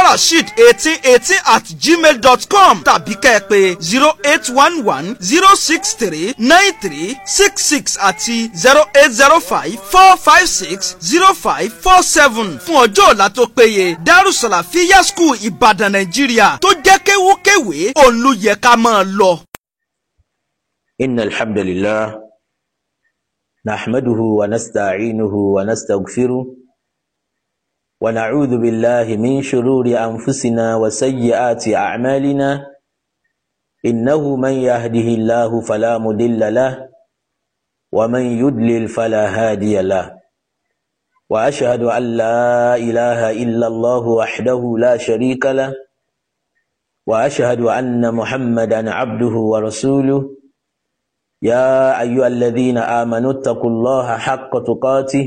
farasheed eighteen eighteen at gmail dot com tàbí kẹ́ẹ̀pè zero eight one one zero six three nine three six six àti zero eight zero five four five six zero five four seven fún ọjọ́ ọ̀la tó péye darussalafiya school ìbàdàn nàìjíríà tó jẹ́ kéwúkéwé òun ló yẹ ká máa lọ. إن الحمد لله نحمده ونستعينه ونعوذ بالله من شرور أنفسنا وسيئات أعمالنا إنه من يهده الله فلا مضل له ومن يضلل فلا هادي له وأشهد أن لا إله إلا الله وحده لا شريك له وأشهد أن محمدا عبده ورسوله يا أيها الذين آمنوا اتقوا الله حق تقاته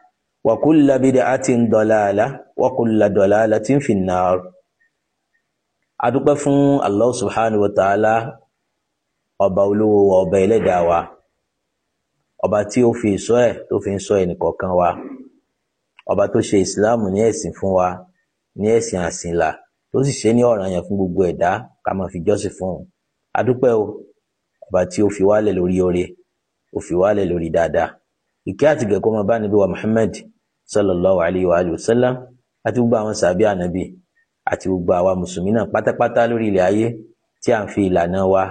wa kulla bid'atin dalalah wa kulla dalalatin finnar adúpẹ́ fún Allah subhanahu wa ta'ala ọba olówó wa ọba ẹlẹ́dàá wa ọba tí ó fi ìṣọ́ ẹ̀ tó fi ń ṣọ́ ẹnìkọ̀ọ̀kan wa ọba tó ṣe ìsìláàmù ní ẹ̀sìn fún wa ní ẹ̀sìn àsìnlà tó sì ṣe ní ọ̀ranyàn fún gbogbo ẹ̀dá ká máa fi jọ́sìn fún un adúpẹ́ o ọba tí ó fi wálẹ̀ lórí oore ó fi wálẹ̀ lórí dáadáa ìkẹ́ àtìgẹ̀ kó bá níbi wa Muhammad sallallahu alayhi wa alihi wa sallam àti gbogbo àwọn sàbí ànábì àti gbogbo àwa mùsùlùmí náà pátápátá lórí ilẹ̀ ayé tí à ń fi ìlànà wa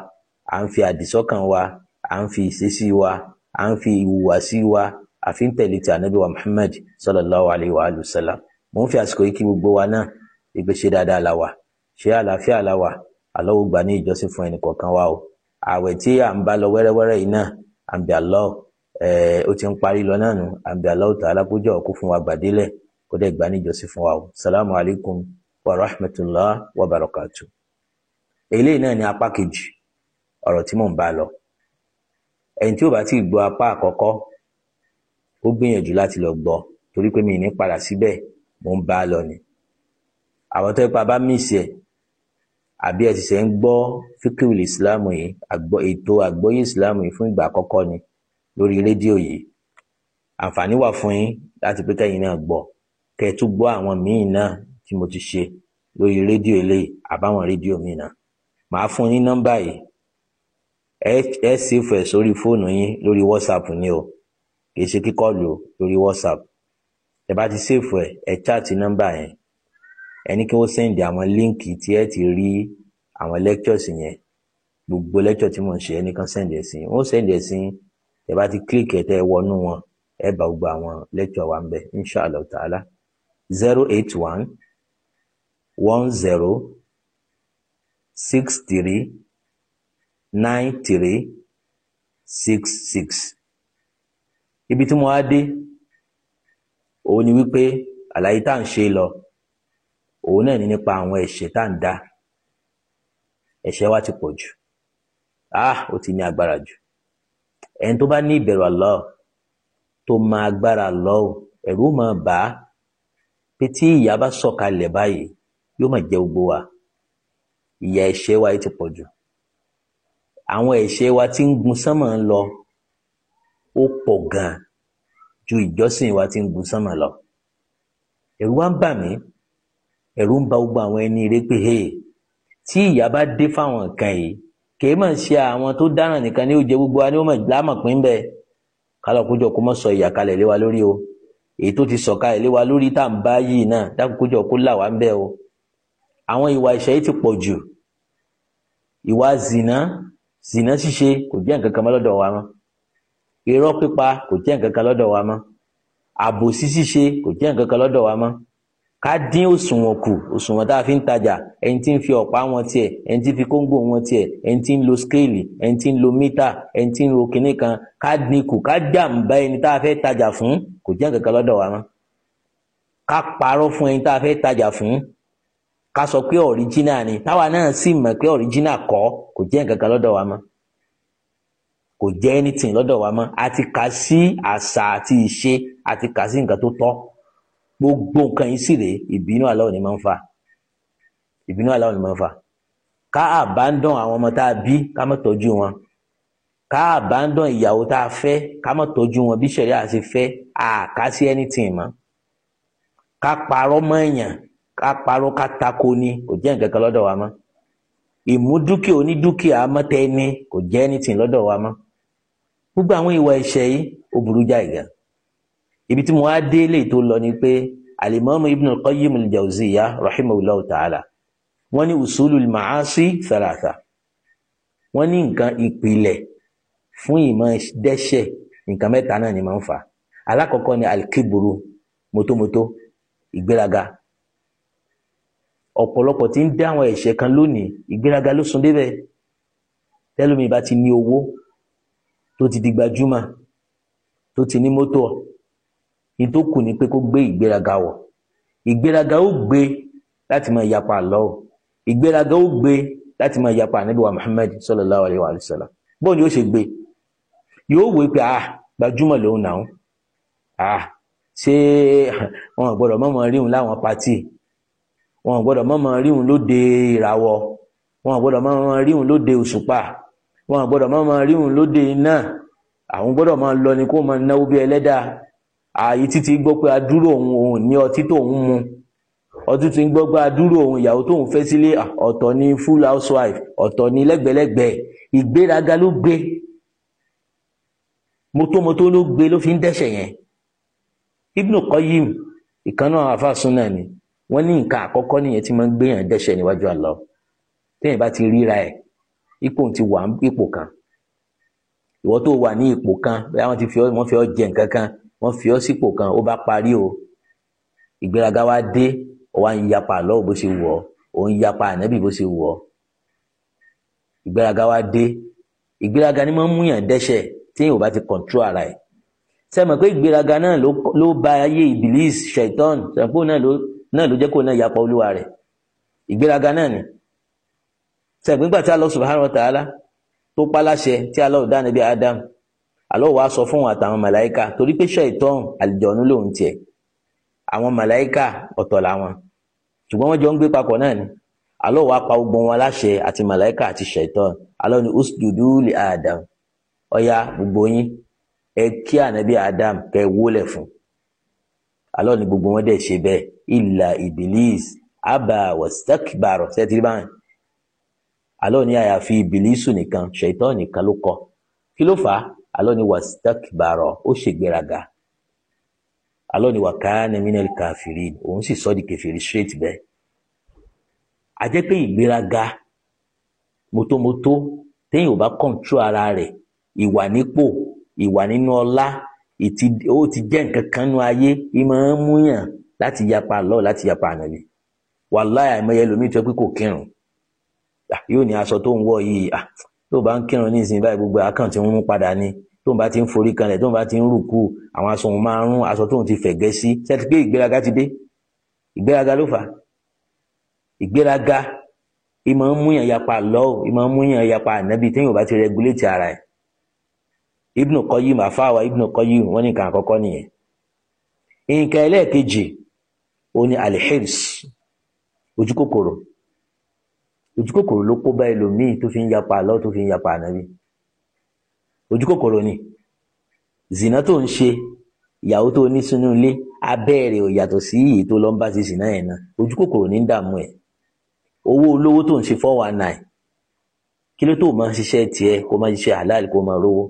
à ń fi àdìsọ́kàn wa à ń fi ìṣesí wa à ń fi ìhùwàsí wa àfi ń tẹ̀lé ti ànábì wa Muhammad sallallahu alayhi wa alihi wa sallam mò ń fi àsìkò yìí kí gbogbo wa náà ìgbé ṣe dáadáa la wà ṣe àlàáfíà la wà àlọ́wọ́ gbà ní ìjọsìn fún ẹnì kọ̀ọ̀kan wa o ààwẹ̀ tí à ń bá lọ wẹ́rẹ́wẹ́rẹ́ yìí náà à ń Eh, ó ti ń parí lọ náà nù àbí Allahu Ta'ala kó jọ̀ọ́ kó fún wa gbàdélẹ̀ kó dẹ̀ gbà níjọsí fún wa o salamu alaykum wa rahmatulah wa barakatu. eléyìí náà ni apá kejì ọ̀rọ̀ tí mò ń bá lọ ẹni tí ó bá ti gbọ́ apá àkọ́kọ́ ó gbìyànjú láti lọ gbọ́ torí pé mi ní padà síbẹ̀ mò ń bá lọ ni àwọn tó ipa bá mísì ẹ̀ àbí ẹ̀ sì ṣe ń gbọ́ fíkìrì ìsìláàmù yìí ètò àgbọ́yé ìsìláàmù yìí fún ìgbà àkọ́kọ́ ni lórí rédíò yìí àǹfààní wà fún yín láti pé kẹ́yìn náà gbọ́ kẹ́ ẹ tún gbọ́ àwọn míì náà tí mo ti ṣe lórí rédíò eléyìí àbáwọn rédíò míì náà màá fún yín nọ́mbà yìí ẹ ẹ sèfù sórí fóònù yín lórí whatsapp ni o kì í ṣe kíkọlù lórí whatsapp ẹ bá ti sèfù ẹ ẹ chaàtì nọ́mbà yẹn ẹ ní kí wọ́n sẹ́ǹdì àwọn líǹkì tí ẹ ti rí àwọn lectures yẹn gbogbo lecture tí mo ń ṣe ẹnìkan sẹ́ǹdì ẹ̀ sí wọ́n sẹ́ǹdì ẹ̀ sí tẹ bá ti click ẹ̀ tẹ́ ẹ wọnú wọn ẹ bá gbogbo àwọn lecture wa ń bẹ inshallah ta'ala zero eight one one zero six three nine three six six ibi tí mo á dé òun ni wípé àlàyé tá à ń ṣe lọ òun náà ní nípa àwọn ẹ̀ṣẹ̀ tá à ń dá ẹ̀ṣẹ̀ wa ti pọ̀ jù ah ó ti ní agbára jù ẹni tó bá ní ìbẹ̀rù Allah tó máa agbára Allah ẹ̀rù máa bà á pé tí ìyà bá sọ̀kalẹ̀ báyìí yóò máa jẹ gbogbo wa ìyà ẹ̀ṣẹ̀ wa yìí ti pọ̀ jù àwọn ẹ̀ṣẹ̀ wa ti ń gun sánmọ̀ ń lọ ó pọ̀ gan-an ju ìjọsìn wa ti ń gun sánmọ̀ lọ ẹ̀rù wa ń bà mí ẹ̀rù ń bà gbogbo àwọn ẹni rẹ pé tí ìyà bá dé fáwọn nǹkan yìí kèé mà ṣe àwọn tó dáràn nìkan ní oúnjẹ gbogbo ni ó mọ̀ láàmọ̀ pín bẹ́ẹ̀ kálọ̀kójọ kó mọ̀ sọ ìyàkalẹ̀ lé wa lórí o èyí tó ti sọ̀kalẹ̀ lé wa lórí tá à ń bá yìí náà dákòójọ kó là wá ń bẹ́ẹ̀ o àwọn ìwà ìṣẹ́ yìí ti pọ̀ jù ìwà zìnà zìnà ṣíṣe kò jẹ́ nǹkan kan lọ́dọ̀ wa mọ́ irọ́ pípa kò jẹ́ nǹkan kan lọ́dọ̀ wa mọ́ àbòsí ṣíṣe kò jẹ́ nǹkan kan lọ́dọ̀ wa mọ́ ká dín òṣùwọ̀n kù òṣùwọ̀n tá a fi ń tajà ẹni tí ń fi ọ̀pá wọn tiẹ̀ ẹni tí ń fi kóńgò wọn tiẹ̀ ẹni tí ń lo skéèlì ẹni tí ń lo mítà ẹni tí ń ro kinní kan ká dín kù ká jàǹbá ẹni tá a fẹ́ tajà fún kò jẹ́ nǹkan kan lọ́dọ̀ wa mọ́ ká parọ́ fún ẹni tá a fẹ́ tajà fún ká sọ pé ọ̀ríjínà ni táwa náà sì mọ̀ pé ọ̀ríjínà kọ́ kò jẹ́ nǹkan lọ́dọ̀ wa mọ́ kò jẹ́ anything lọ́dọ̀ wa mọ́ àti kà sí àṣà àti ìṣe àti kà sí nǹkan tó tọ́ gbogbo nǹkan yìí sì rèé ìbínú aláwọ̀ ni máa ń fa ìbínú aláwọ̀ ni máa ń fa ká àbándàn àwọn ọmọ tá a bí ká má tọ́jú wọn ká àbándàn ìyàwó tá a fẹ́ ká má tọ́jú wọn bí sẹ̀rí àti fẹ́ àká sí anything mọ́ ká parọ́ mọ́ èèyàn ká parọ́ ká tako ni kò jẹ́ nǹkan kan lọ́dọ̀ wa mọ́ ìmúdúkìá onídúkìá mọ́tẹ́ni kò jẹ́ anything lọ́dọ̀ wa mọ́ gbogbo àwọn ìwà ẹ̀ṣẹ̀ yìí ó burú jáì gan-an ibi tí mo wá dé lè tó lọ ni pé alimami ibn al-qayyim al-jawziya rahimahullahu ta'ala wọ́n ní usulul ma'asi thalatha wọ́n ní nǹkan ìpìlẹ̀ fún ìmọ̀ dẹ́ṣẹ̀ nǹkan mẹ́ta náà ni máa ń fà á alákọ̀ọ́kọ́ ni alikiburu motomoto ìgbéraga ọ̀pọ̀lọpọ̀ tí ń dá àwọn ẹ̀ṣẹ̀ kan lónìí ìgbéraga ló sún débẹ̀ tẹ́lómi bá ti ní owó tó ti di gbajúmọ̀ tó ti ní mọ́tò ìdókù ni pé kó gbé ìgbéraga wọ̀ ìgbéraga ó gbé láti máa yapa àlọ́ o ìgbéraga ó gbé láti máa yapa ànábì wa Muhammad sallallahu alayhi wa sallam bọ́ọ̀ ni ó ṣe gbé yóò wò pé ah gbajúmọ̀ lòun náà ah ṣé wọn gbọ́dọ̀ mọ̀mọ́ ríhun láwọn pátì wọn gbọ́dọ̀ mọ̀mọ́ ríhun lóde ìràwọ̀ wọn gbọ́dọ̀ mọ̀mọ́ ríhun lóde òṣùpá wọn gbọ́dọ̀ mọ̀mọ́ ríhun lóde iná àwọn gbọ́dọ̀ máa lọ ni kó máa náwó bí ẹlẹ́dàá ààyè títí gbọ́ pé adúrò òun òun ní ọtí tóun mu ọtún ti ń gbọ́ pé adúrò òun ìyàwó tóun fẹ́ sílé ọ̀tọ̀ ni full housewife ọ̀tọ̀ ni lẹ́gbẹ̀lẹ́gbẹ̀ ìgbéraga ló gbé mọ́tòmọ́tò ló gbé ló fi ń dẹ́ṣẹ̀ yẹn Ibn Qayyim ìkànnà àfàsùn náà ni wọ́n ní nǹkan àkọ́kọ́ nìyẹn tí máa ń gbéyàn dẹ́ṣẹ̀ níwájú Allah téèyàn bá ti ríra ẹ̀ ipò ti wà ipò kan ìwọ tó wà ní ipò kan bí wọ́n fi ọ jẹ nǹkan kan wọ́n fi ọ́ sípò kan ó bá parí o ìgbéraga wa dé ó wá ń yapa lọ́wọ́ bó ṣe wù ọ́ ó ń yapa ànábì bó ṣe wù ọ́ ìgbéraga wa dé ìgbéraga ni máa ń múyàn dẹ́ṣẹ̀ téèyàn ò bá ti control ara ẹ̀ sẹ́mi pé ìgbéraga náà ló ba ayé ibilis shaitan sẹ́mi pé náà ló jẹ́ kó náà yapa olúwa rẹ̀ ìgbéraga náà ni sẹ́mi pé gbà tí Allah subhanahu wa ta'ala tó pa láṣẹ tí Allah dá nàbí Adam Allah wá sọ fún àtàwọn màláìka torí pé ṣàìtàn àlìjọ̀nú lòun tiẹ̀ àwọn màláìka ọ̀tọ̀ làwọn ṣùgbọ́n wọ́n jọ ń gbé papọ̀ náà ni Allah wá pa gbogbo wọn láṣẹ àti màláìka àti ṣàìtàn Allah ní usjudu li Adam ọ̀ya gbogbo yín ẹ kí ànábì Adam kẹ wólẹ̀ fún Allah ní gbogbo wọn dẹ̀ ṣe bẹ́ẹ̀ illa ibilis abba wastakbaro ṣẹ́tìrì báyìí Allah àyàfi ìbílísù alọ́ni wà stakbarọ̀ ó ṣègbéraga alọ́ni wà káánà minal kafirin òun sì sọ́ di kẹfìrí straight bẹ́ẹ̀ àjẹ́ pé ìgbéraga mọ́tòmọ́tò téèyàn ò bá kọ̀ǹtró ara rẹ̀ ìwà nípò ìwà nínú ọlá ó ti jẹ́ nǹkan kan nú ayé ìmọ̀ ń múyàn láti yapa lọ́ọ̀ láti yapa ànàbì wàláyà àìmọye lomi tó pé kò kírun ah, yóò ní aṣọ tó ń wọ̀ yìí ah, tó bá ń kírun ní ìsìn báyìí gbogbo àkàǹtì ń mú padà ni tóun bá ti ń forí kanlẹ̀ tóun bá ti ń rùkú àwọn aṣọ òun máa ń rún aṣọ tóun ti fẹ̀gẹ́ sí sẹ́tí pé ìgbéraga ti dé ìgbéraga ló fà á ìgbéraga ìmọ̀ ń múyàn yapa lọ́ọ̀ ìmọ̀ ń múyàn yapa ànábì téèyàn bá ti rẹguléètì ara ẹ̀ Ibn Qayyim àfáàwà Ibn Qayyim wọ́n ní nǹkan àkọ́kọ́ nìyẹn nǹkan ẹlẹ́ẹ̀kejì ó ní ojúkòkòrò ojúkòkòrò ló kó bá ẹlòmíì tó fi ń yapa lọ́ọ̀ tó fi ń yapa ànábì ojú kòkòrò ni zina tó ń ṣe ìyàwó tó ní sínú ilé abẹ́rẹ́ ò yàtọ̀ sí èyí tó lọ ń bá ti zina yẹn náà ojú kòkòrò ní dààmú ẹ̀ owó olówó tó ń ṣe four one nine kí ló tó o máa ṣiṣẹ́ tiẹ̀ kó o máa ṣiṣẹ́ halal kó o máa rówó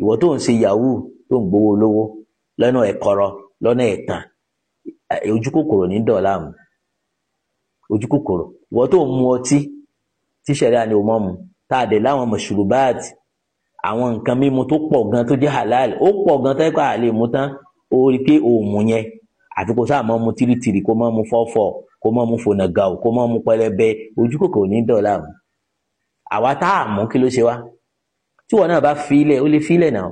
ìwọ tó ń ṣe yahoo tó ń gbowó olówó lọ́nà ẹ̀kọ́rọ́ lọ́nà ẹ̀tàn ojú kòkòrò ní dọ̀la mu ojú kòkòrò ìwọ tó ń mu ọtí tíṣẹ̀rẹ́ àni ò mu tá a dẹ̀ láwọn mọ̀ṣùlùbáàtì àwọn nǹkan mímu tó pọ̀ gan tó jẹ́ halal ó pọ̀ gan tó yẹ kó a lè mu tán ó rí i pé òòmù yẹn àfi kó sáà máa mu tìrìtìrì kó máa mu fọ́fọ́ kó máa mu fònàgà ò kó máa mu pẹlẹbẹ ojú kòkòrò ní dọ̀là o àwa tá a mú kí ló ṣe wá tí wọn náà bá fi ilẹ̀ ó lè fi ilẹ̀ náà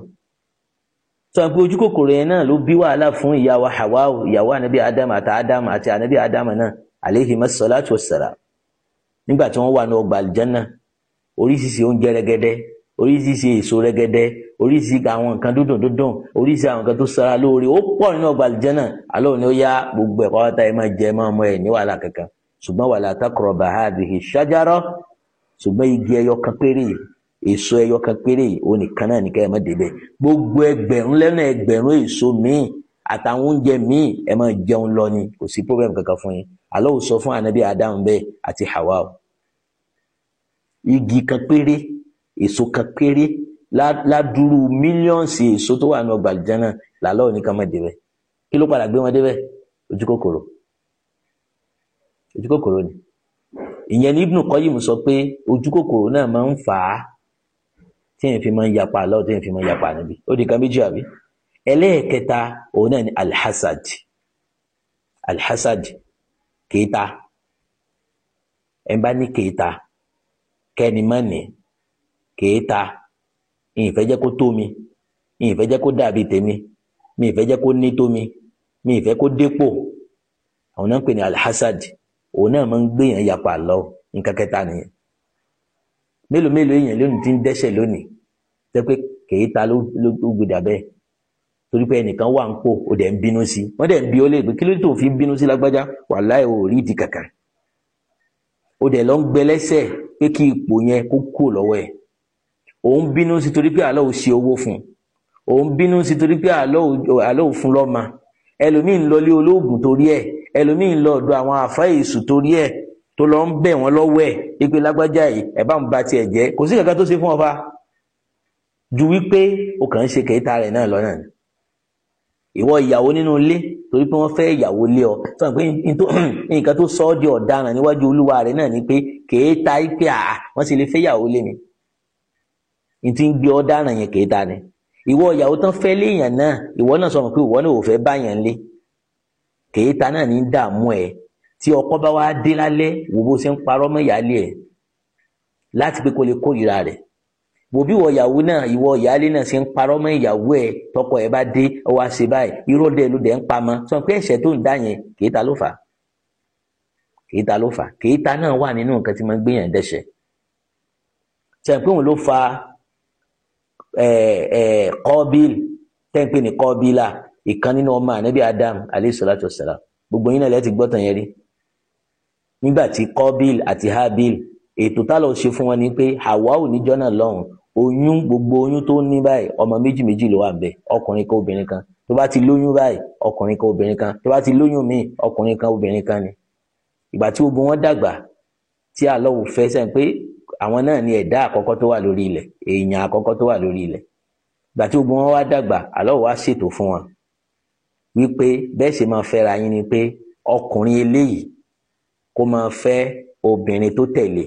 sọ pé ojú kòkòrò yẹn náà ló bí wàhálà fún ìyàwó Hawau ìyàwó anabi Adam àti Adam àti anabi Adam náà alayhimas salatu wassalam nígbà tí wọ́n wà ní ọgbà àlìjánná oríṣiríṣi oúnjẹ rẹgẹdẹ oríṣiríṣi èso rẹ́gẹ́dẹ́ oríṣiríṣi àwọn nǹkan dúndùn dúndùn oríṣiríṣi àwọn nǹkan tó sara lóore ó pọ̀ nínú ọgbà àlùjànnà àlọ́ ni ó yá gbogbo ẹ̀kọ́ ọ̀tá ẹ̀ máa jẹ máa mọ ẹ̀ ní wàhálà kankan ṣùgbọ́n wala taqraba hadhihi shajara ṣùgbọ́n igi ẹyọ kan péré èso ẹyọ kan péré onìkan náà nìkan ẹ má débẹ̀ gbogbo ẹgbẹ̀rún lẹ́nu ẹgbẹ̀rún èso míì àtàwọn oúnjẹ míì ẹ máa jẹun lọ ni kò sí problem kankan fún yín Allah sọ fún anabi adam bẹ́ẹ̀ àti hawa igi kan péré èso kan péré ládùúrú mílíọ̀nsì èso tó wà ní ọgbà àlùjánnà làlọ́ òní kan mọ̀ débẹ̀ kí ló padà gbé wọn débẹ̀ ojú kòkòrò ojú kòkòrò ni ìyẹn ní Ibn Qayyim sọ pé ojú kòkòrò náà máa ń fà á tí èèyàn fi máa ń yapa àlọ́ tí èèyàn fi máa ń yapa níbi ó di kan méjì àbí ẹlẹ́ẹ̀kẹta òun náà ni alhassad alhassad kéta ẹ̀ bá ní kéta kẹ́ni má ní kèé ta ìfẹ́ jẹ́ kó tó mi ìfẹ́ jẹ́ kó dàbí tèmi mi ìfẹ́ jẹ́ kó ní tó mi mi ìfẹ́ kó dépò àwọn náà ń pè ní alhassad òun náà máa ń gbéyàn yapa lọ nǹkan kẹta nìyẹn mélòó mélòó èèyàn lónìí ti ń dẹ́ṣẹ̀ lónìí tẹ́ pé kèé ta ló gbèdà bẹ́ẹ̀ torí pé ẹnìkan wà ń pò ó dẹ̀ ń bínú sí wọ́n dẹ̀ ń bí ó lè pé kí ló tó fi bínú sí lágbájá wàláhì ò rí ìdí kankan ó dẹ̀ lọ ń gbẹlẹ́sẹ̀ pé kí ipò yẹn kó kúrò lọ́wọ́ ẹ̀ òun bínú sí torí pé àlọ́ ò ṣe owó fún òun bínú sí torí pé àlọ́ ò fún lọ́mọ ẹlòmíín lọlé olóògùn torí ẹ ẹlòmíín lọ ọ̀dọ̀ àwọn àfa èṣù torí ẹ tó lọ ń bẹ̀ wọ́n lọ́wọ́ ẹ̀ ipe lágbájá yìí ẹ̀ bá ń ba tiẹ̀ jẹ́ kò sí kankan tó ṣe fún ọba ju wípé o kàn ń ṣe kẹta rẹ̀ náà lọ́nà ni ìwọ ìyàwó nínú ilé torí pé wọ́n fẹ́ ìyàwó lé ọ sọ pé nǹkan tó sọ ọ́ di ọ̀daràn níwájú olúwa rẹ̀ náà ni pé kèé ta ipe àá wọ́n sì lè fẹ́ ìyàwó lé mi n ti ń gbé ọ dáràn yẹn kìí ta ni ìwọ ìyàwó tán fẹ́ léèyàn náà ìwọ náà sọ pé ìwọ náà ò fẹ́ báyàn lé kìí ta náà ní dààmú ẹ tí ọkọ bá wá dé lálẹ́ wò bó ṣe ń parọ́ mọ́ ìyáálé ẹ láti pé kó lè kórìíra rẹ̀ wò bí ìwọ ìyàwó náà ìwọ ìyáálé náà ṣe ń parọ́ mọ́ ìyàwó ẹ tọkọ ẹ bá dé ọwọ́ àṣẹ báyìí irọ́ dẹ ló dẹ ń pamọ́ sọ pé ẹ̀ṣẹ̀ tó ń dá yẹn kìí ta ló fà kìí ta ló fà kìí ta náà wà nínú nǹkan tí mo ń gbé yẹn dẹ́ṣẹ̀ ṣe pé òun ló fa kọ́bíl tẹ́ǹpé ní kọ́bílà ìkan nínú ọmọ ànábì adam alayhi salatu wassalam gbogbo yín náà lẹ́ẹ̀tì gbọ́tàn yẹn rí nígbà tí kọ́bíl àti habil ètò tálọ̀ ṣe fún wọn ni pé hawa ò ní jọ́nà lọ́hùn oyún gbogbo oyún tó ní báyìí ọmọ méjì méjì ló wà ń bẹ ọkùnrin kan obìnrin kan tó bá ti lóyún báyìí ọkùnrin kan obìnrin kan tó bá ti lóyún míì ọkùnrin kan obìnrin kan ni ìgbà tí ogun wọn dàgbà tí àlọ́ òfẹ́ sẹ́yìn pé àwọn náà ni ẹ̀dá àkọ́kọ́ tó wà lórí ilẹ̀ èèyàn àkọ́kọ́ tó wà lórí ilẹ̀ gbà tí gbogbo wọn wá dàgbà Allah wá ṣètò fún wọn wípé bẹ́ẹ̀ ṣe máa fẹ́ra yín ni pé ọkùnrin eléyìí kó máa fẹ́ obìnrin tó tẹ̀lé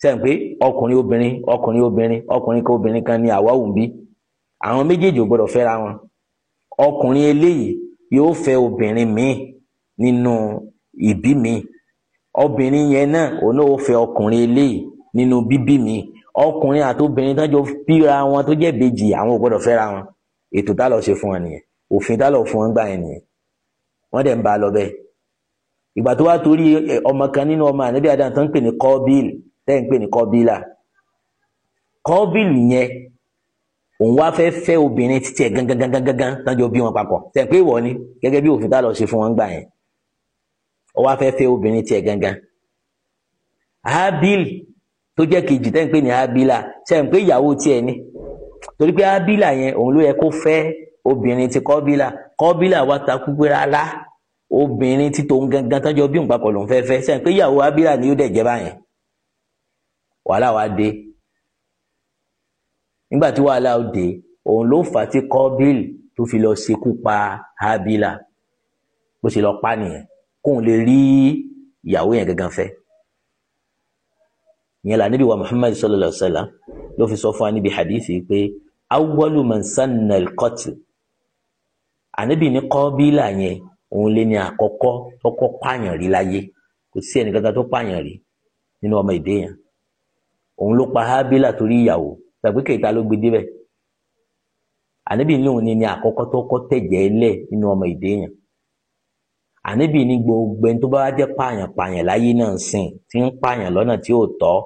sẹ́yìn pé ọkùnrin obìnrin ọkùnrin obìnrin ọkùnrin kan obìnrin kan ni àwa òun bí àwọn méjèèjì ò gbọdọ̀ fẹ́ra wọn ọkùnrin eléyìí yóò fẹ́ obìnrin míì nínú ìbí míì obìnrin yẹn náà òun náà ó fẹ́ ọkùnrin eléyìí nínú bíbí mi ọkùnrin àti obìnrin tán jọ bíra wọn tó jẹ́ ìbejì àwọn ò gbọ́dọ̀ fẹ́ra wọn ètò tá lọ ṣe fún wọn nìyẹn òfin tá lọ fún wọn gbà yẹn nìyẹn wọ́n dẹ̀ ń bá a lọ bẹ́ẹ̀ ìgbà tó wá torí ọmọ kan nínú ọmọ ànábì adam tó ń pè ní kọ́bíl tẹ́ ń pè ní kọ́bílà kọ́bíl yẹn òun wá fẹ́ fẹ́ obìnrin títí ẹ̀ gangan gangan gangan tán jọ bí wọn papọ̀ tẹ̀ pé ìwọ ni gẹ́gẹ́ bí òfin tá lọ ṣe fún wọn gbà yẹn ó wá fẹ́ fẹ́ obìnrin tiẹ̀ gangan Habil tó jẹ́ kejì tẹ́ ń pè ní Habila ṣe ń pè ìyàwó tiẹ̀ ni torí pé Habila yẹn òun ló yẹ kó fẹ́ obìnrin ti Kọ́bílà Kọ́bílà wa takú pé rárá obìnrin tí tòun gangan tán jọ bí òun papọ̀ lòun fẹ́ fẹ́ ṣe ń pè ìyàwó Habila ni ó dẹ̀ jẹ́ báyẹn wàhálà wa dé nígbà tí wàhálà ó dé òun ló fà á tí Kọ́bíl tó fi lọ ṣekú pa Habila bó ṣe lọ pa nìyẹn kóun lè rí ìyàwó yẹn gangan fẹ́ ìyẹn là níbi wa muhammad sallallahu alaihi wa sallam ló fi sọ fún wa níbi hadith yìí pé awwalu man sanna al-qatl ànábì ní Kọ́bílà yẹn òun lé ní àkọ́kọ́ tọ́kọ́ pààyàn rí láyé kò sí ẹnì kankan tó pààyàn rí nínú ọmọ èdè yẹn òun ló pa Hábílà torí ìyàwó tàbí kẹta ló gbé débẹ̀ ànábì ní òun ní àkọ́kọ́ tọ́kọ́ tẹ̀jẹ̀ lẹ̀ nínú ọmọ èdè yẹn ànábì ní gbogbo ẹni tó bá jẹ́ pààyàn pààyàn láyé náà sìn tí ń pààyàn lọ́nà tí ò tọ́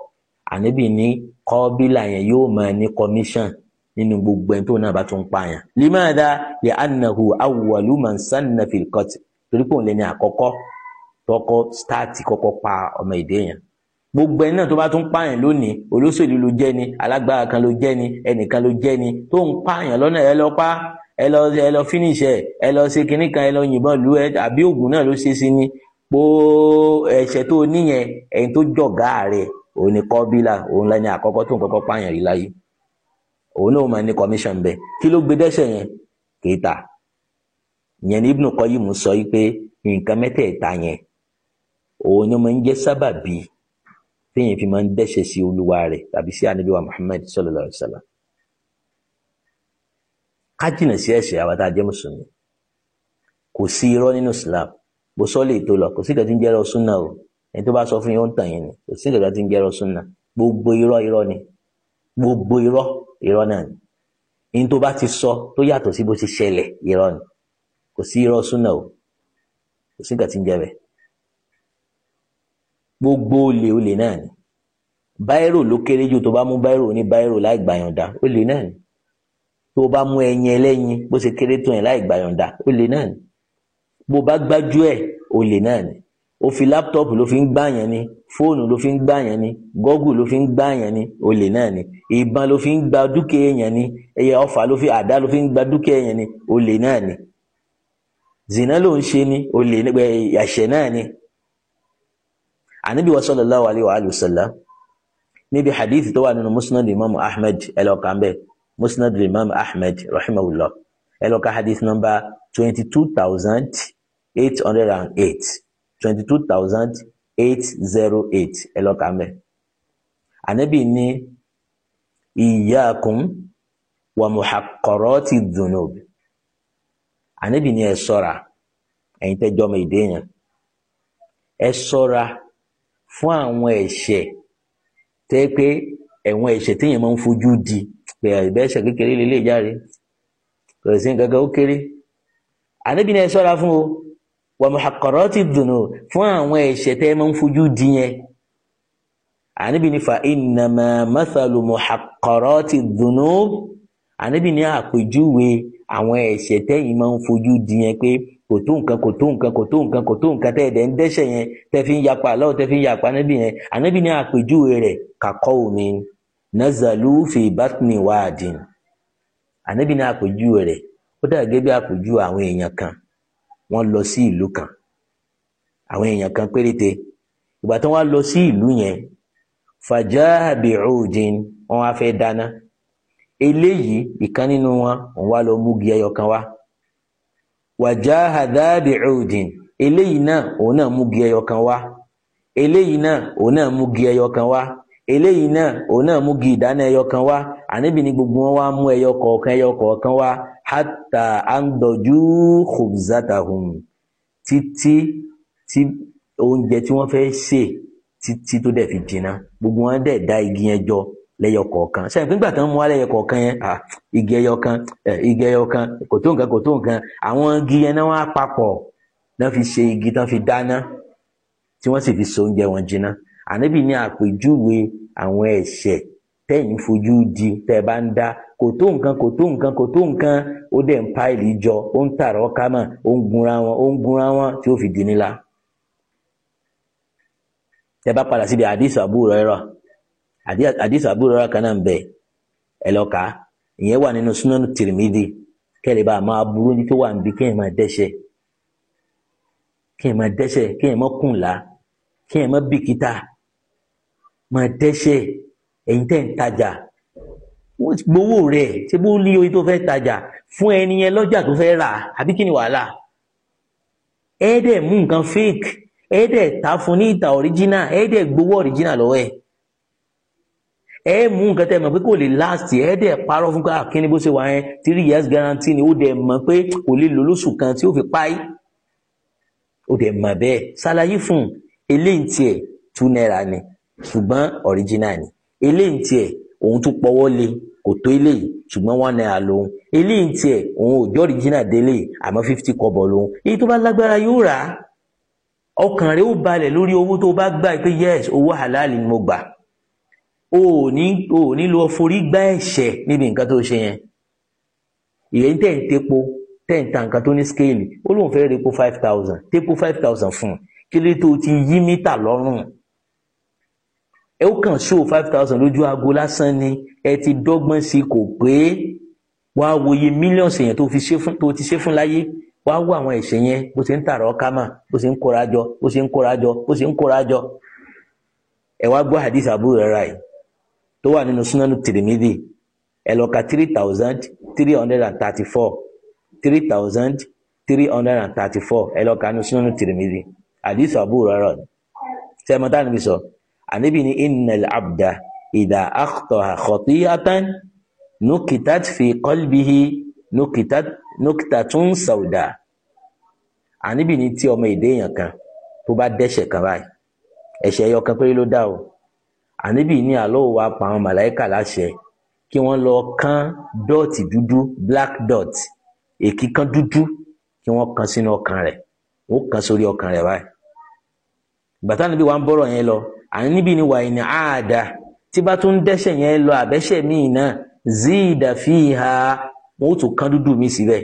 ànábì ní kọ́bílà yẹn yóò máa ní commission nínú gbogbo ẹni tó náà bá tún pààyàn. limada li annahu awwalu man sanna fil qatl torí pé òun lẹni àkọ́kọ́ tọkọ stáàtì kọ́kọ́ pa ọmọ èdè yẹn gbogbo ẹni náà tó bá tún pààyàn lónìí olóṣèlú ló jẹ́ ni alágbára kan ló jẹ́ ni ẹnìkan ló jẹ́ ni tó ń pààyàn lọ́nà ẹ lọ́pàá ẹ lọ ẹ lọ finish ẹ ẹ lọ ṣe kinní kan ẹ lọ yìnbọn lu ẹ àbí oògùn náà ló ṣe sí ni po ẹ̀ṣẹ̀ tó níyẹn ẹ̀yin tó jọ̀gá rẹ̀ òun ni kọ́bílà òun lẹ́ni àkọ́kọ́ tó ń kọ́kọ́ pààyàn rí láyé òun náà máa ní commission bẹ́ẹ̀ kí ló gbé dẹ́ṣẹ̀ yẹn kéta yẹn ní Ibn Qayyim sọ yìí pé nǹkan mẹ́tẹ̀ẹ̀ta yẹn òun ni máa ń jẹ́ sábàbí téèyàn fi máa ń dẹ́ṣẹ̀ sí olúwa rẹ̀ tàbí sí ànábì wa Muhammad sallallahu alaihi wa sallam ká jìnà sí ẹ̀ṣẹ̀ àwa tá a jẹ́ mùsùlùmí kò sí irọ́ nínú Islam bó sọ́ọ̀lì tó lọ kò sí ìgbà tí ń jẹ́ irọ́ súnà o ẹni tó bá sọ fún yín ó ń tàn yín ni kò sí ìgbà tí ń jẹ́ irọ́ súnà gbogbo irọ́ irọ́ ni gbogbo irọ́ irọ́ náà ni ní tó bá ti sọ tó yàtọ̀ sí bó ti ṣẹlẹ̀ irọ́ ni kò sí irọ́ súnà o kò sí ìgbà ń jẹ́ gbogbo olè olè náà ni báírò ló kéré jù tó bá mú báírò ní báírò láì gbàyànjá olè náà ni tó bá mú ẹyin ẹlẹ́yin bó ṣe kéré tó yẹn láì gbàyọ̀ǹda olè náà ni bó bá gbájú ẹ̀ olè náà ni ó fi láptọ́pù ló fi ń gbàyàn ni fóònù ló fi ń gbàyàn ni gọ́gù ló fi ń gbàyàn ni olè náà ni ìbọn ló fi ń gba dúkìá èèyàn ni ẹyẹ ọfà ló fi àdá ló fi ń gba dúkìá èèyàn ni olè náà ni zina ló ń ṣe ni olè ẹ̀ṣẹ̀ náà ni ànábì wa sallallahu alayhi wa sallam níbi hadith tó wà nínú musnad imam ahmed ẹlọ́kàmbẹ́ musnad imam ahmed rahimahullah ẹ lọ ka hadith number twenty two thousand eight hundred and eight twenty two thousand eight zero eight ẹ lọ ka mẹ anabi ní iyyakum wa muhaqqarati dhunub anabi ní ẹ ṣọ́ra ẹ̀yin tẹ́ jọmọ ìdéyàn ẹ ṣọ́ra fún àwọn ẹ̀ṣẹ̀ tẹ́ pé ẹ̀wọ̀n ẹ̀ṣẹ̀ téèyàn máa ń fojú di pé àìbẹ́ṣẹ̀ kékeré lè lè járe kò sí nǹkan kan ó kéré ànábì náà ẹ ṣọ́ra fún o wà muhakkọ̀rọ̀ ti dùnú fún àwọn ẹ̀ṣẹ̀ tẹ́ máa ń fojú di yẹn ànábì ní fa ìnàmà mẹ́sàlù muhakkọ̀rọ̀ ti dùnú ànábì ní àpèjúwe àwọn ẹ̀ṣẹ̀ tẹ́yìn máa ń fojú di yẹn pé kò tó nǹkan kò tó nǹkan kò tó nǹkan kò tó nǹkan tẹ́ ẹ dẹ̀ ń dẹ́ṣẹ̀ yẹn tẹ́ fi ń yapa aláwọ̀ tẹ́ fi ń yapa anábì yẹn anábì ní àpèjúwe rẹ̀ kakọ́ omi nazalu fi batni waadin anábì ní àpèjúwe rẹ̀ ó dà gẹ́gẹ́ bí àpèjúwe àwọn èèyàn kan wọ́n lọ sí ìlú kan àwọn èèyàn kan péréte ìgbà tí wọ́n lọ sí ìlú yẹn fàjà bi'udin wọ́n wá fẹ́ dáná eléyìí ìkan nínú wọn òun wá lọ mú gi ẹyọ kan wá wàjáhà dábì ọ̀dìn eléyìí náà òun náà mú gi ẹyọ kan wá eléyìí náà òun náà mú gi ẹyọ kan wá eléyìí náà òun náà mú gi ìdáná ẹyọ kan wá àníbi ni gbogbo wọn wá mú ẹyọ kọ̀ọ̀kan ẹyọ kọ̀ọ̀kan wá hátà àǹdọ̀jú khubzatahum títí tí oúnjẹ tí wọ́n fẹ́ ṣe títí tó dẹ̀ fi jìnnà gbogbo wọn dẹ̀ dá igi yẹn jọ lẹ́yọ kọ̀ọ̀kan ṣe ìpínpà tán mú wá lẹ́yọ kọ̀ọ̀kan yẹn igi ẹyọ kan igi ẹyọ kan kò tó nǹkan kò tó nǹkan àwọn igi yẹn náà wọ́n á papọ̀ náà fi ṣe igi tán fi dáná tí wọ́n sì fi so oúnjẹ wọn jiná ànábì ní àpèjúwe àwọn ẹ̀ṣẹ̀ tẹ́yìn fojú di tẹ́ ẹ bá ń dá kò tó nǹkan kò nǹkan kò nǹkan ó dẹ̀ ń páìlì jọ ó ń tààrọ̀ kámà ó ń gunra wọn ó ń gunra wọn tí ó fi di nílá tẹ́ bá padà síbi àdìsí àdìsí àbúrò rà kan náà ń bẹ ẹ lọ kà á ìyẹn wà nínú súnánù tìrìmídì kẹlẹ bá a máa burú ní tó wà níbi kéèyàn máa dẹ́ṣẹ̀ kéèyàn máa dẹ́ṣẹ̀ kéèyàn máa kùnlá kéèyàn máa bìkítà máa dẹ́ṣẹ̀ ẹ̀yin tẹ́ ń tajà gbowó rẹ̀ ṣé bó lé oyin tó fẹ́ tajà fún ẹni yẹn lọ́jà tó fẹ́ rà àbí kí ni wàhálà ẹ dẹ̀ mú nǹkan fake ẹ ta fún ní ìta original ẹ dẹ̀ gbowó original lọ́wọ́ ẹ̀ ẹ mú nǹkan tẹ́ mọ̀ pé kò lè last ẹ dẹ̀ parọ́ fún ká ah, kí ni bó ṣe wà yẹn three years guarantee ni ó dẹ̀ mọ̀ pé kò lè lò lóṣù kan tí ó fi páyì ó dẹ̀ mọ̀ bẹ́ẹ̀ ṣàlàyé fún eléyìí tiẹ̀ two naira ni ṣùgbọ́n original ni eléyìí tiẹ̀ òun tún pọwọ́ le kò tó eléyìí ṣùgbọ́n one naira lòun eléyìí tiẹ̀ òun ò jọ́ original délé àmọ́ fifty kọ́bọ̀ lòun èyí tó bá lágbára yóò rà á ọkàn rẹ ó balẹ̀ lórí owó tó bá gbà pé yes owó halal ni mo gbà o ò ní o ò ní lọ forí gbá ẹ̀ṣẹ̀ níbi nǹkan tó ṣe yẹn ìyẹn tẹ̀ ń tepo tẹ̀ ń ta nǹkan tó ní scale ó lóun fẹ́ repo five thousand tepo five thousand fún un kí ló tó ti yí mítà lọ́rùn ẹ ó kàn ṣó five thousand lójú aago lásán ni ẹ ti dọ́gbọ́n sí kò pé wàá wòye mílíọ̀nù èèyàn tó fi ṣe fún tó ti ṣe fún láyé wàá wọ àwọn ẹ̀ṣẹ̀ yẹn bó ṣe ń tààrọ̀ kámà bó ṣe ń kóra jọ bó ṣe ń kóra jọ bó ṣe ń kóra jọ ẹ wá gbọ́ hadith Abu Hurairah yìí tó wà nínú súnánù tìrìmídì ẹ lọ ka three thousand three hundred and thirty four three thousand three hundred and thirty four ẹ lọ ka nínú súnánù tìrìmídì àdìsọ àbúrò rárá ni sẹmọ tá a níbi sọ àníbi ni innal abda ìdá akhtaha khatiyatan nukitat fi qalbihi nukitat nukitatun sauda àníbi ni tí ọmọ èdè èèyàn kan tó bá dẹ́ṣẹ̀ kan báyìí ẹ̀ṣẹ̀ ẹyọ kan péré ló dá o ànábì ní àlọ́ wa pa àwọn màláìkà láṣẹ kí wọ́n lọ kán dọ́ọ̀tì dúdú black dot èkì kan dúdú kí wọ́n kan sínú ọkàn rẹ̀ ó kan sórí ọkàn rẹ̀ báyìí bàtà níbi wa ń bọ̀rọ̀ yẹn lọ àníbi ni wàá ní àádá tí bá tún dẹ́ṣẹ̀ yẹn lọ àbẹ́ṣẹ̀ míì náà zíìdà fi ha wọn ó tún kan dúdú mi síbẹ̀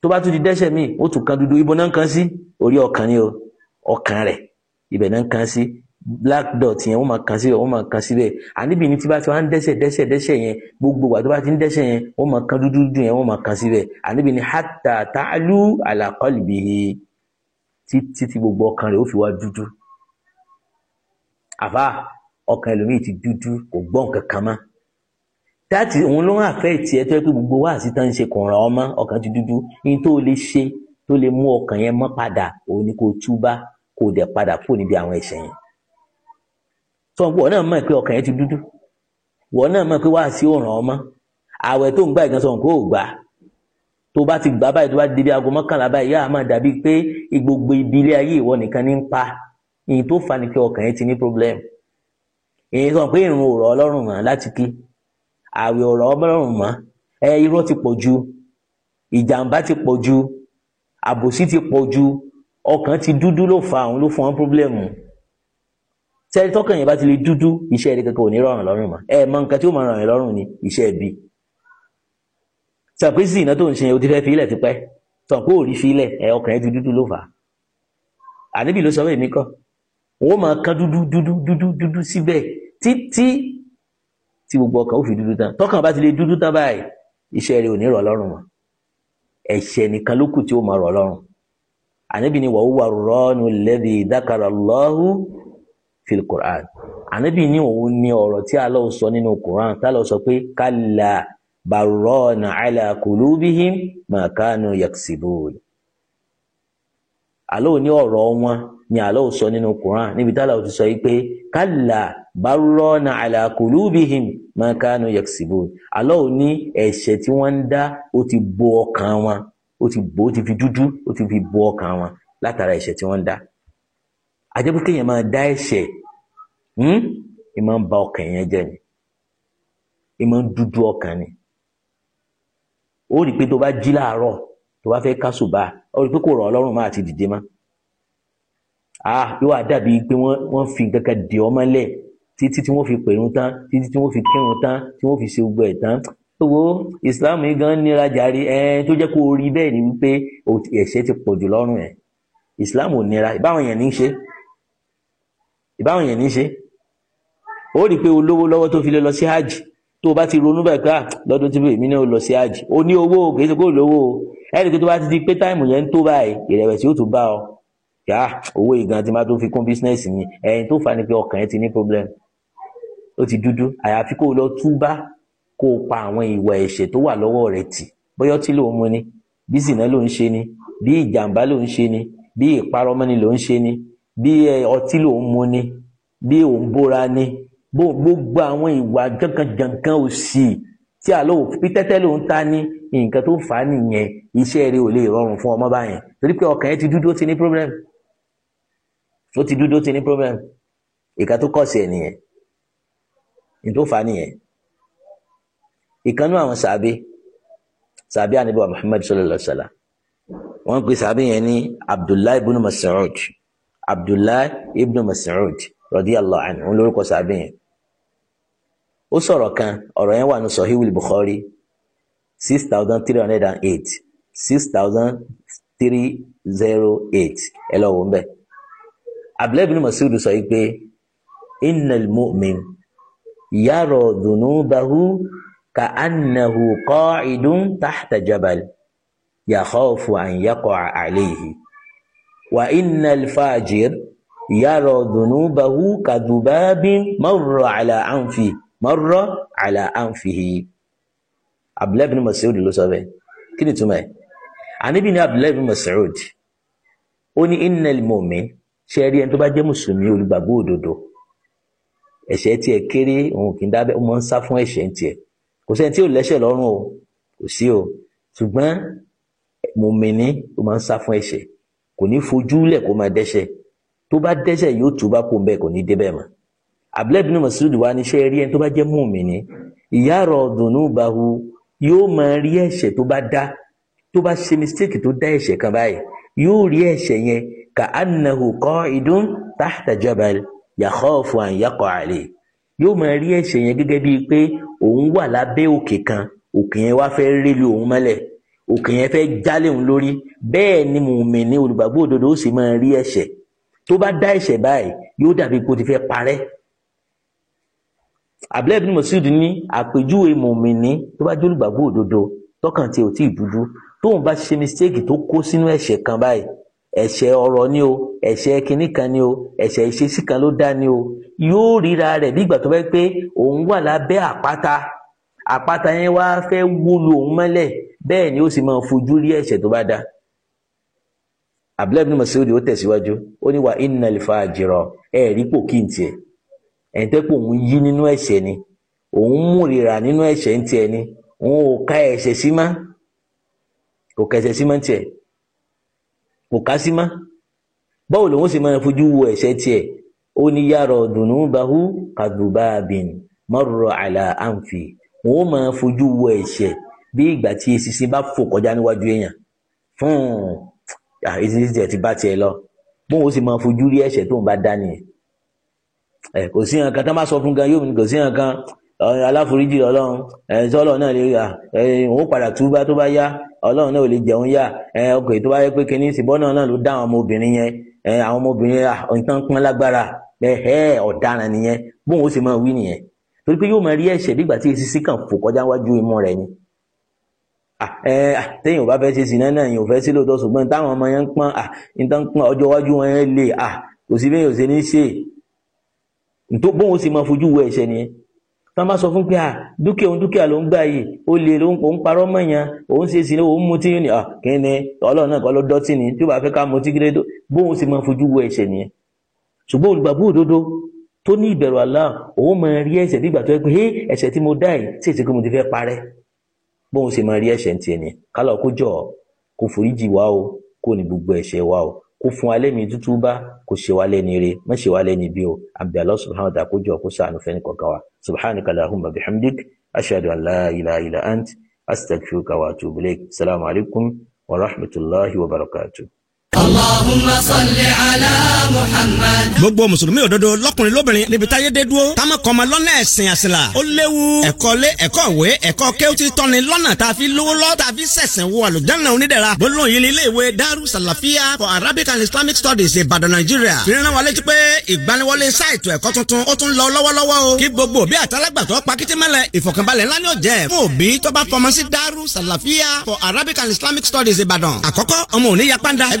tó bá tún di dẹ́ṣẹ̀ míì ó tún kan dúdú ibo náà ń kan sí orí ọkàn ni ọkàn rẹ̀ ibẹ̀ náà ń kan sí black dot yẹn wọ́n máa kàn síbẹ̀ wọ́n máa kàn síbẹ̀ àníbi ní tí bá ti wá ń dẹ́sẹ̀ dẹ́sẹ̀ dẹ́sẹ̀ yẹn gbogbo wà tó bá ti ń dẹ́sẹ̀ yẹn wọ́n máa kàn dúdú dúdú yẹn wọ́n máa kàn síbẹ̀ àníbi ní hàtà tààlù àlàkọ́lì títí tí gbogbo ọkàn rẹ̀ ó fi wá dúdú àbá ọkàn ẹlòmíì ti dúdú kò gbọ́ nǹkan kan mọ́ dáàtì òun ló ń àfẹ́ ìtì ẹ tó yẹ pé gbogbo wá àti tán ń ṣe kò ràn ọ́ mọ́ ọkàn ti dúdú ní tó lè ṣe tó lè mú ọkàn yẹn mọ́ padà òun ni kò túbá kò dẹ̀ padà kúrò níbi àwọn ẹ̀ṣẹ̀ yẹn tó wọ́n náà mọ̀ pé ọkàn yẹn ti dúdú wọ́n náà mọ̀ pé wá sí òràn ọmọ ààwẹ̀ tó ń gbà ìgbọ̀nsọ̀ nǹkan ò gbà tó bá ti gbà báyìí tó bá débi aago mọ́kànlá báyìí yáà máa dàbí pé gbogbo ibi ilé ayé ìwọ nìkan ní ń pa ìyìn tó fa ni pé ọkàn yẹn ti ní problem èyí sọ pé ìrùn ọ̀rọ̀ ọlọ́run mọ̀ láti kí ààwẹ̀ ọ̀rọ̀ ọlọ́run mọ̀ ẹ irọ́ ti pọ̀ ju ìjàmbá ti pọ̀ ju àbòsí ti pọ̀ ju ọkàn ti dúdú ló fa òun ló fún wọn problem sẹ́ni tọ́kàn yẹn bá ti lè dúdú iṣẹ́ ẹni kankan ò ní rọrùn lọ́rùn mọ́ ẹ mọ nǹkan tí ó máa ràn yẹn lọ́rùn ni iṣẹ́ ẹbí sàpèsì iná tó ń ṣe yẹn o ti fẹ́ fi ilẹ̀ tipẹ́ tọ̀ pé ò rí fi ilẹ̀ ẹ ọkàn yẹn ti dúdú ló fà á àníbì ló sọ bẹ́ẹ̀ mi kọ́ wọ́n máa kan dúdú dúdú dúdú dúdú síbẹ̀ títí tí gbogbo ọkàn ó fi dúdú tán tọ́kàn bá ti lè dúdú tán báyìí iṣẹ́ rẹ ò ní rọ̀ lọ́rùn mọ́ ẹ̀ṣẹ̀ nìkan ló kù tí ó máa rọ̀ lọ́rùn àníbì ni wàá wà rọ́ọ̀nù lẹ́dí dákàrà lọ́hùn fil Qur'an ànábì ní òun ní ọ̀rọ̀ tí Allah sọ nínú Qur'an tá lọ sọ pé kálá barọ́ọ̀nà ala kulubihim ma kanu yaksibun Allah ní ọ̀rọ̀ wọn ni Allah sọ nínú Qur'an níbi tá lọ ti sọ yìí pé kálá barọ́ọ̀nà ala kulubihim ma kanu yaksibun Allah ní ẹ̀ṣẹ̀ tí wọ́n ń dá ó ti bo ọkàn wọn ó ti bo ó ti fi dúdú ó ti fi bo ọkàn wọn látara ẹ̀ṣẹ̀ tí wọ́n ń dá àjẹpẹ kéèyàn máa dá ẹ̀ṣẹ̀ hmm? ẹ máa ń ba ọkàn yẹn jẹ́ ni ẹ máa ń dúdú ọkàn ni ó rí i pé tó bá jí láàárọ̀ tó bá fẹ́ kásùbà ó rí i pé kò rọ̀ ọ́ máa ti dìde mọ́ ah yóò wá dàbí pé wọ́n fi nǹkan kan dì ọ́ mọ́lẹ̀ títí tí wọ́n fi pèrún tán títí tí wọ́n fi kírun tán tí wọ́n fi ṣe gbogbo ẹ̀ tán wo ìsìláàmù yìí gan nira jàre ẹ tó jẹ́ kó o rí bẹ́ẹ̀ ni wípé ẹ̀ṣẹ̀ ti pọ̀ jù lọ́rùn ẹ̀ ìsìláàmù ò nira báwọn èèyàn ní í ṣe ìbáwọn yẹn ní ṣe ó rí i pé olówó lọ́wọ́ tó fi lè lọ sí hajj tó o bá ti ronú bẹ́ẹ̀ pé ah, lọ́dún tí èmi náà lọ sí hajj o ní owó kì í ṣe kó lówó o ẹ̀rí pé tó bá ti di pé táìmù yẹn ń tó báyìí ìrẹ̀wẹ̀sì yóò tún bá ọ yá owó ìgan tí máa tó fi kún bísínẹ́sì mi ẹ̀yin tó fà ní pé ọkàn yẹn ti ní problem ó ti dúdú àyàfi kó o lọ túbá kó o pa àwọn ìwà ẹ̀ṣẹ̀ tó wà lọ́wọ́ rẹ̀ tì bóyá tí ló ń mu ni bí zìnà ló ń ṣe ni bí ìjàmbá ló ń ṣe ni bí ìparọ́mọ́ni ló ń ṣe ni bí ọtí lòun mu ni bí òun bóra ni gbogbo àwọn ìwà jọ̀kànjọ̀kàn òsì tí àlọ́ òfin tẹ́tẹ́ lòun ta ni nǹkan tó fà á nìyẹn iṣẹ́ rẹ ò lè rọrùn fún ọmọ báyẹn torí pé ọkàn yẹn ti dúdú ó ti ní problem ó ti dúdú ó ti ní problem ìka tó kọ̀ sí ẹ̀ nìyẹn ní tó fà á nìyẹn ìkànnú àwọn sàbí sàbí àníbọ̀ Muhammad sallallahu alaihi wasallam wọ́n pe sàbí yẹn ní Abdullahi ibn Mas'ud abdullahi ibn mas'ud radiyallahu anhu òun lórúkọ sàbẹ̀ yẹn ó sọ̀rọ̀ kan ọ̀rọ̀ yẹn wà ní sahihul bukhari six thousand three hundred and eight six thousand three zero eight ẹ lọ wò ń bẹ abdullahi ibn mas'ud sọ yìí pé innal mu'min yàrá dunubahu ka annahu qa'idun tahta jabal yakhafu an yaqa'a alayhi wà iná fàájìr yàrá dùnú bahu kàdùbábí mọ̀rọ̀ àlà àǹfì mọ̀rọ̀ àlà àǹfì yìí abdullahi bin masoud ló sọ bẹ́ẹ̀ kí ni túmọ̀ ẹ̀ àníbi ni abdullahi bin masoud ó ní iná mọ̀mí ṣe rí ẹni tó bá jẹ́ mùsùlùmí olùgbàgbọ́ òdodo ẹ̀ṣẹ̀ tiẹ̀ kéré òun kì í dábẹ́ ó ń sá fún ẹ̀ṣẹ̀ tiẹ̀ kò sẹ́ni tí ò lẹ́ṣẹ̀ lọ́rùn o kò sí o ṣùgbọ́n mùmíní ó ń sá fún ẹ̀ṣẹ̀ kò ní fojú lẹ̀ kó máa dẹ́ṣẹ̀ tó bá dẹ́ṣẹ̀ yóò túbá kó bẹ́ẹ̀ kò ní débẹ̀ mọ́ abdullahi bin wa ni iṣẹ́ rí ẹni tó bá jẹ́ mùmíní ìyá rọ̀ dùnú bahu yóò máa rí ẹ̀ṣẹ̀ tó bá dá tó bá ṣe mistake tó dá ẹ̀ṣẹ̀ kan báyìí yóò rí ẹ̀ṣẹ̀ yẹn ka annahu qa'idun tahta jabal yakhafu an yaqa'a alayh yóò máa rí ẹ̀ṣẹ̀ yẹn gẹ́gẹ́ bíi pé òun wà lábẹ́ òkè kan òkè yẹn wá fẹ́ rélé òun mọ́lẹ̀ òkè yẹn fẹ́ jálé òun lórí bẹ́ẹ̀ ni mùmíní olùgbàgbọ́ òdodo ó sì máa rí ẹ̀ṣẹ̀ tó bá dá ẹ̀ṣẹ̀ báyìí yóò dàbí kó ti fẹ́ parẹ́ abdulayi bin mosud ní àpèjúwe mùmíní tó bá jẹ́ olùgbàgbọ́ òdodo tọkàn tí ò tí ì dúdú tóun bá ṣe mistake tó kó sínú ẹ̀ṣẹ̀ kan báyìí ẹ̀ṣẹ̀ ọ̀rọ̀ ni o ẹ̀ṣẹ̀ kinní kan ni o ẹ̀ṣẹ̀ ìṣesí kan ló dá ni o yóò ríra rẹ̀ bí ìgbà tó fẹ́ pé òun wà lábẹ́ àpáta àpáta yẹn wá fẹ́ wó lu òun mọ́lẹ̀ bẹ́ẹ̀ ni ó sì máa fojú rí ẹ̀ṣẹ̀ tó bá dá abdullahi bin masoud ó tẹ̀síwájú ó ní wa inna al-fajira ẹ̀ rí pò kí n tiẹ̀ ẹ̀ ń tẹ́pọ̀ òun yí nínú ẹ̀ṣẹ̀ ni òun múrira nínú ẹ̀ṣẹ̀ ń tiẹ̀ ni òun ò ka ẹ̀ṣẹ̀ sí má kò ka ẹ̀ṣẹ̀ sí má tiẹ̀ kò ká sí má báwo lòun sì máa fojú wo ẹ̀ṣẹ̀ tiẹ̀ ó ní yàrá dunubahu kadubabin marra ala anfi òun máa fojú wo ẹ̀ṣẹ̀ bí ìgbà tí eṣinṣin bá fò kọjá níwájú èèyàn fún eṣinṣin tiẹ̀ ti bá tiẹ̀ lọ bóun ó sì máa fojú rí ẹ̀ṣẹ̀ tóun bá dá nìyẹn ẹ kò sí nǹkan tán bá sọ fún gan yóò ní kò sí nǹkan aláforíjì ọlọ́run ẹ sọ́lọ́ náà lè yà ẹ òun padà túbá tó bá yá ọlọ́run náà ò lè jẹun yá ẹ ọkọ̀ tó bá pé kinní ìsìnbọn náà náà ló dá àwọn ọmọbìnrin yẹn ẹ àwọn ọmọbìnrin yẹn nǹkan pọn lágbára ẹ ọ̀daràn nìyẹn bóun ó sì máa wí nìyẹn torí pé yóò máa rí ẹ̀ṣẹ̀ bí ìgbà tí èsì sí fò kọjá wájú imú rẹ̀ ni téèyàn bá fẹ́ ṣe sìnà náà yẹn ò fẹ́ sí lóòótọ́ ṣùgbọ́n táwọn ọmọ yẹn ń pọ́n níta ń pọ́n ọjọ́ iwájú wọn yẹn lè kò sí bẹ́ẹ̀ òṣèlú ṣe bóun sì máa fojú wo ẹ̀ṣẹ̀ nìyẹn tọ́ bá sọ fún pé dúkìá òun dúkìá ló ń gbà yìí ó lè ló ń parọ́ mọ́ yẹn òun ṣe sìnà òun mutí ni kí ni ọlọ́run náà kọ́ ló dọ́tí ni tí ó bá fẹ́ ká mutí gírédó bóun sì máa fojú wo ẹ̀ṣẹ̀ nìyẹn ṣùgbọ́n olùgbàgbọ́ òdodo tó ní ìbẹ̀rù Allah òun máa rí ẹ̀ṣẹ̀ nígbà tó bóun ṣe máa rí ẹ̀ṣẹ̀ ń tiẹ̀ ni kálọ̀ kó jọ̀ kó foríjì wá o kó ní gbogbo ẹ̀ṣẹ̀ wá o kó fún wa lẹ́mìí tútù bá kó ṣe wá lẹ́ni re má ṣe wá lẹ́ni bí o àbí subhanahu wa ta'ala kó jọ̀ kó ṣàánú fẹ́ni kọ̀ọ̀kan wa subhanaka allahumma bihamdik ashhadu an la ilaha illa ant astaghfiruka wa atubu ilayk assalamu alaikum wa rahmatullahi wa barakatuh. Allahumma salli ala Muhammad. gbogbo mùsùlùmí òdodo lọkùnrin lóbìnrin níbi táyé dé dúró táwọn kan máa lọ́nà ẹ̀sìn àṣìlá ó léwu ẹ̀kọ́ lé ẹ̀kọ́ ìwé ẹ̀kọ́ kéwùtì tọ́ni lọ́nà tá a fi lówó lọ́ tá a fi sẹ̀sẹ̀ wọ àlùjáná onídẹ̀ra gbólóhùn yìí ní ilé ìwé Daru Salafia for Arabic and Islamic Studies Ìbàdàn Nàìjíríà ìrìnà wa létí pé ìgbaniwọlé sáìtù ẹ̀kọ́ tuntun ó tún lọ lọ́wọ́lọ́wọ́ o kí gbogbo òbí